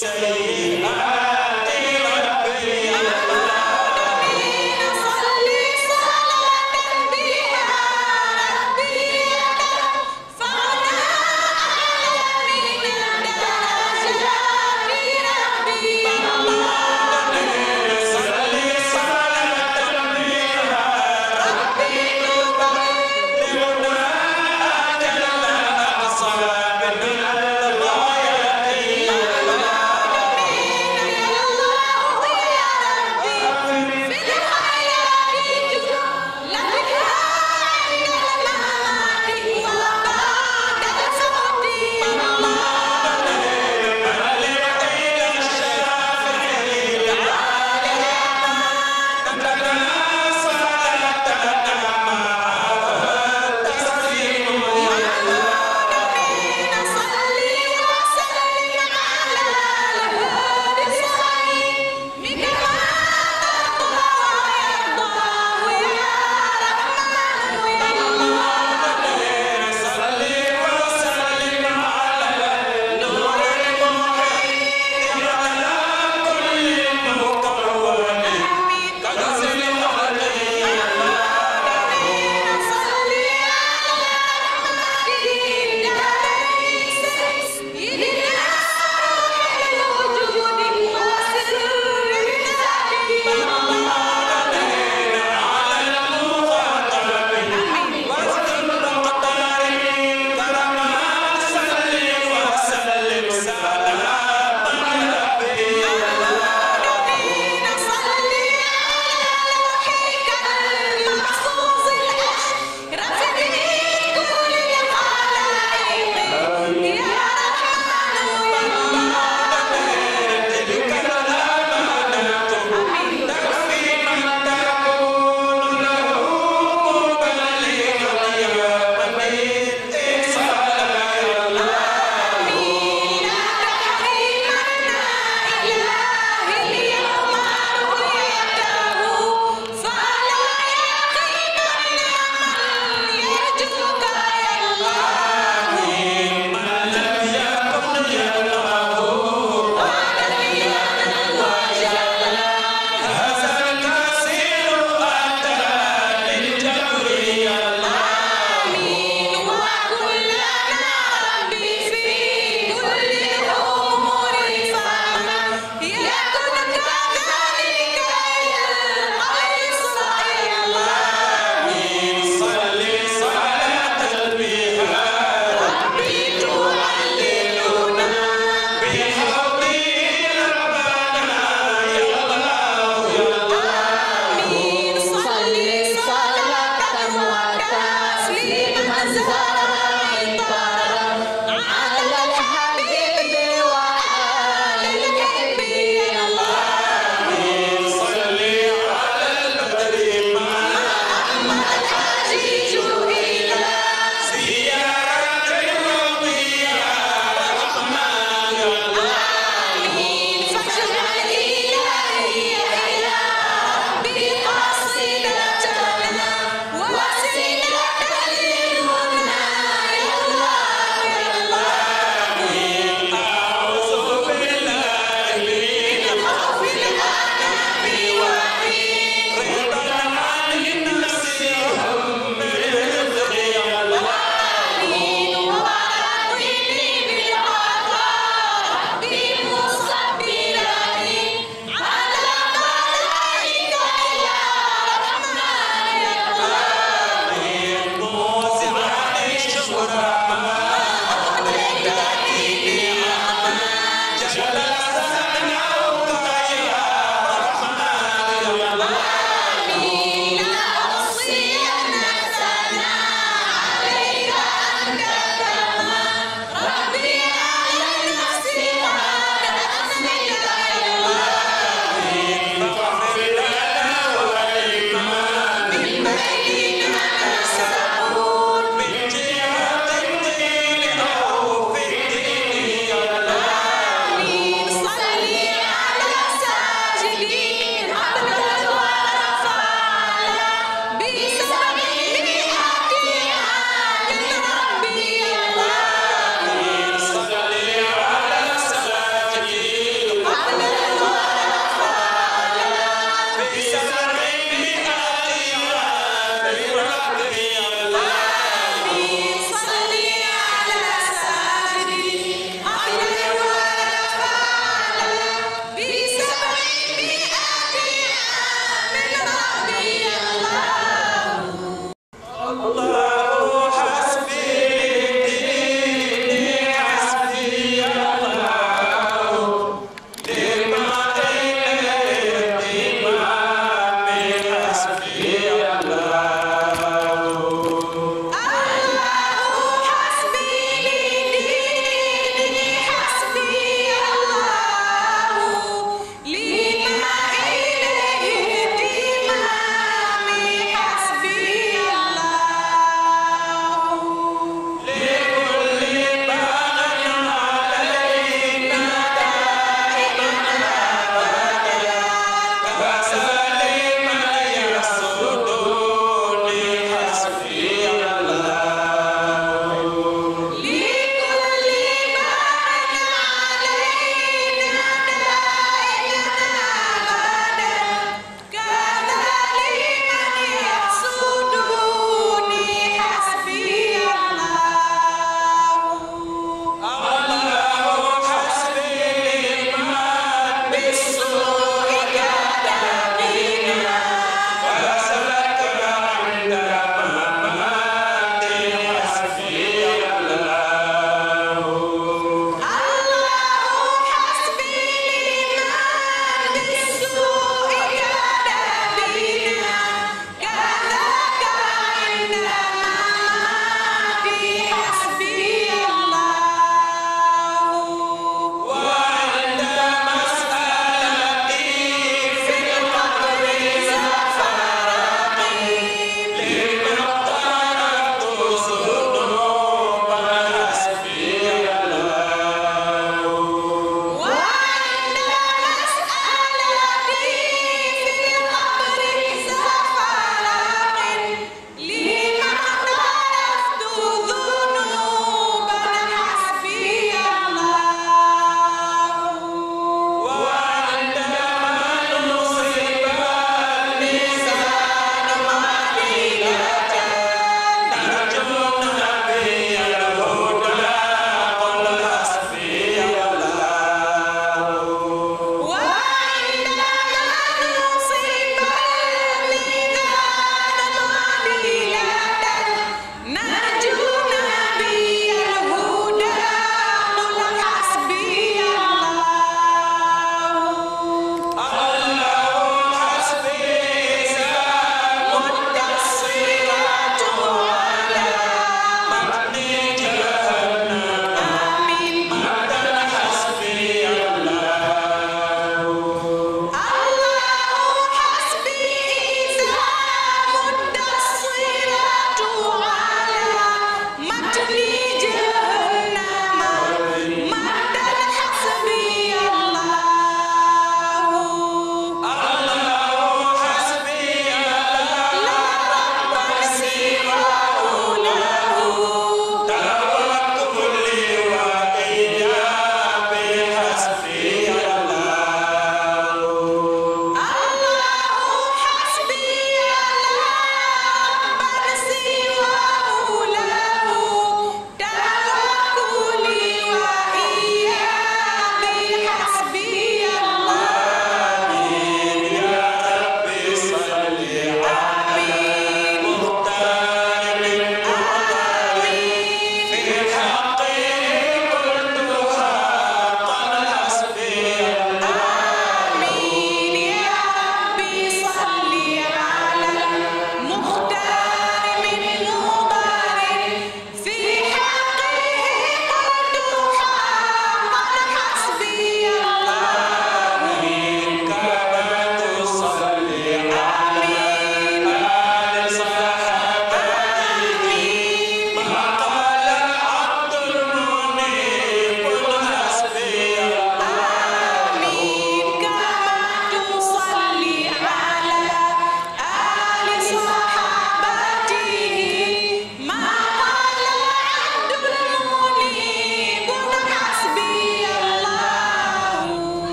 say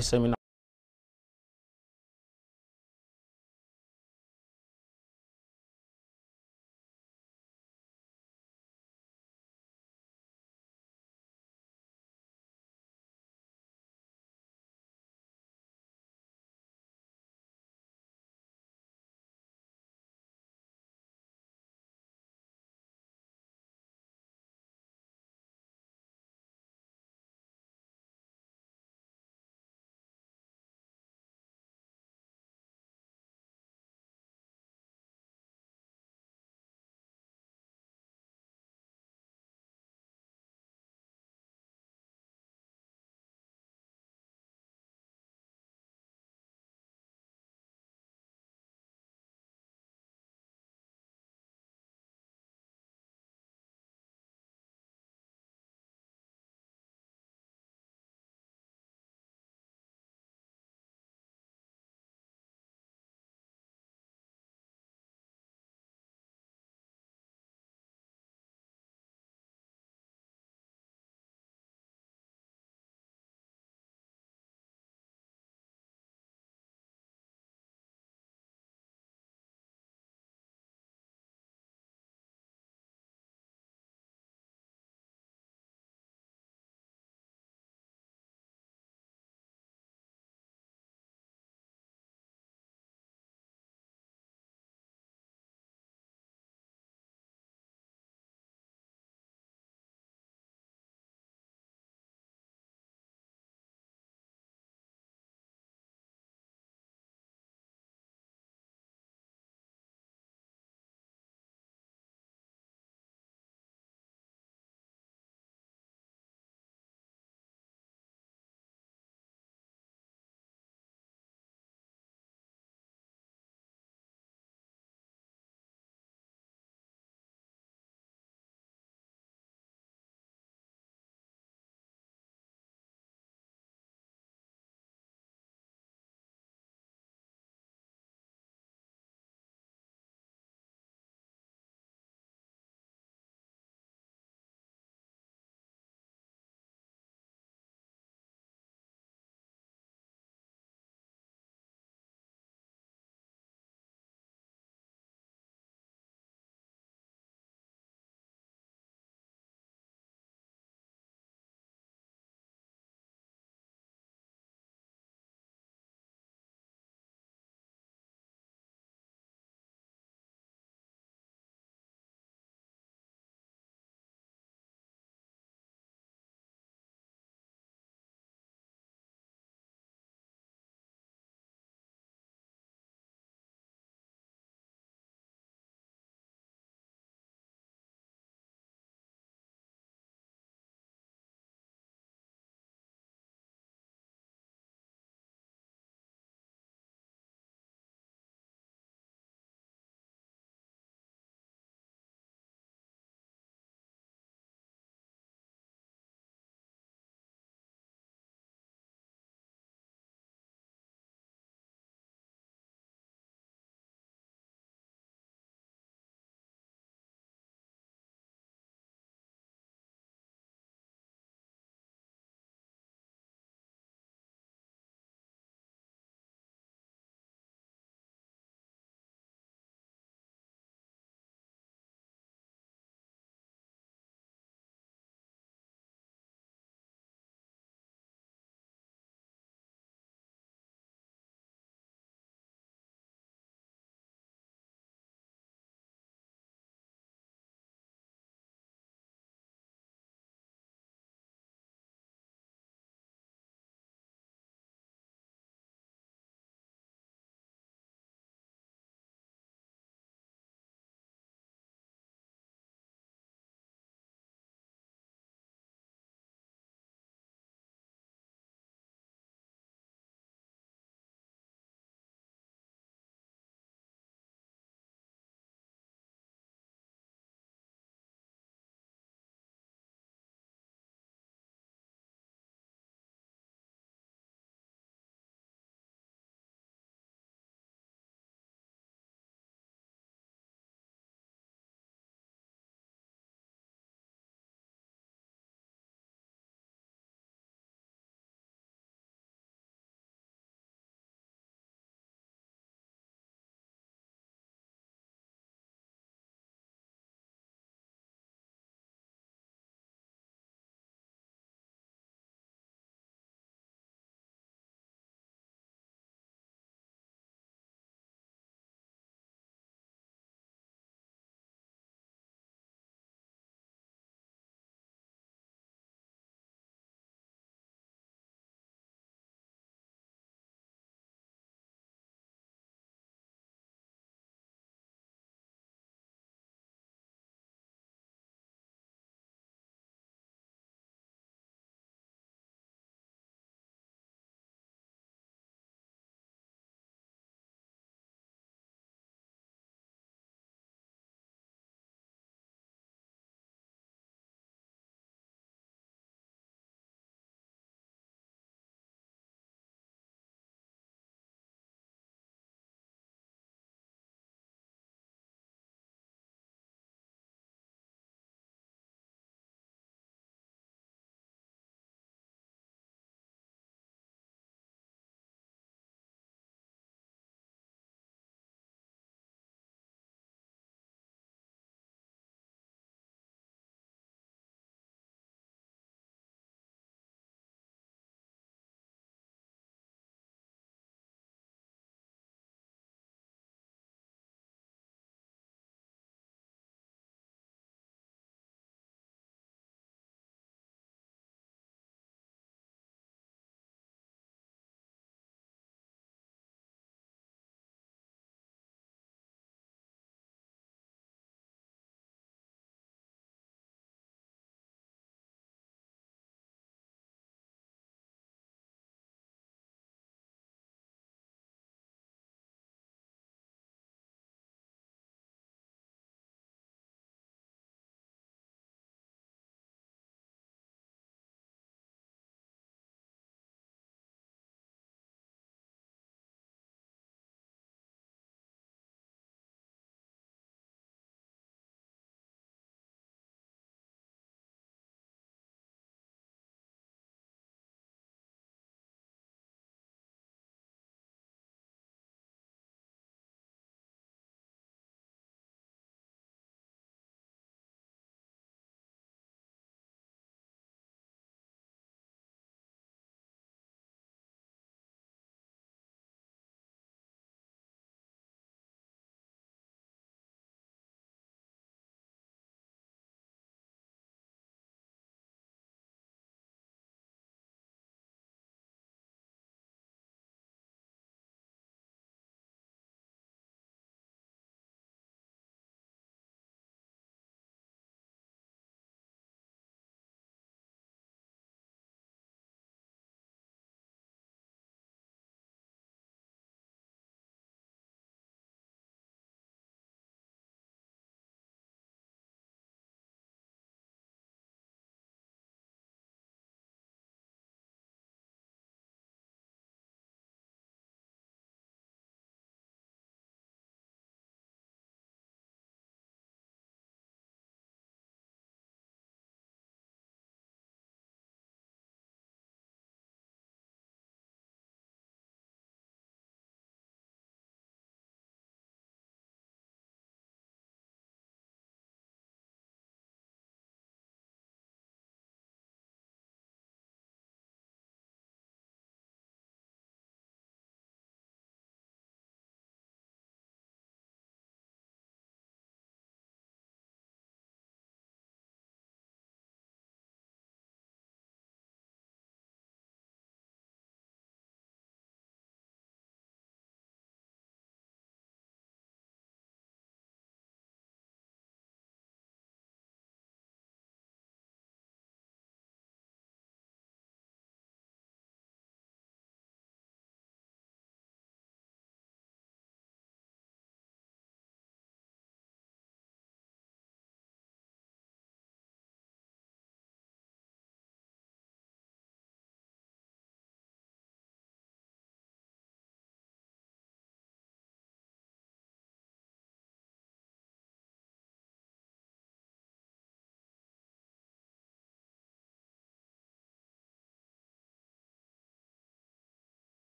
billahi samin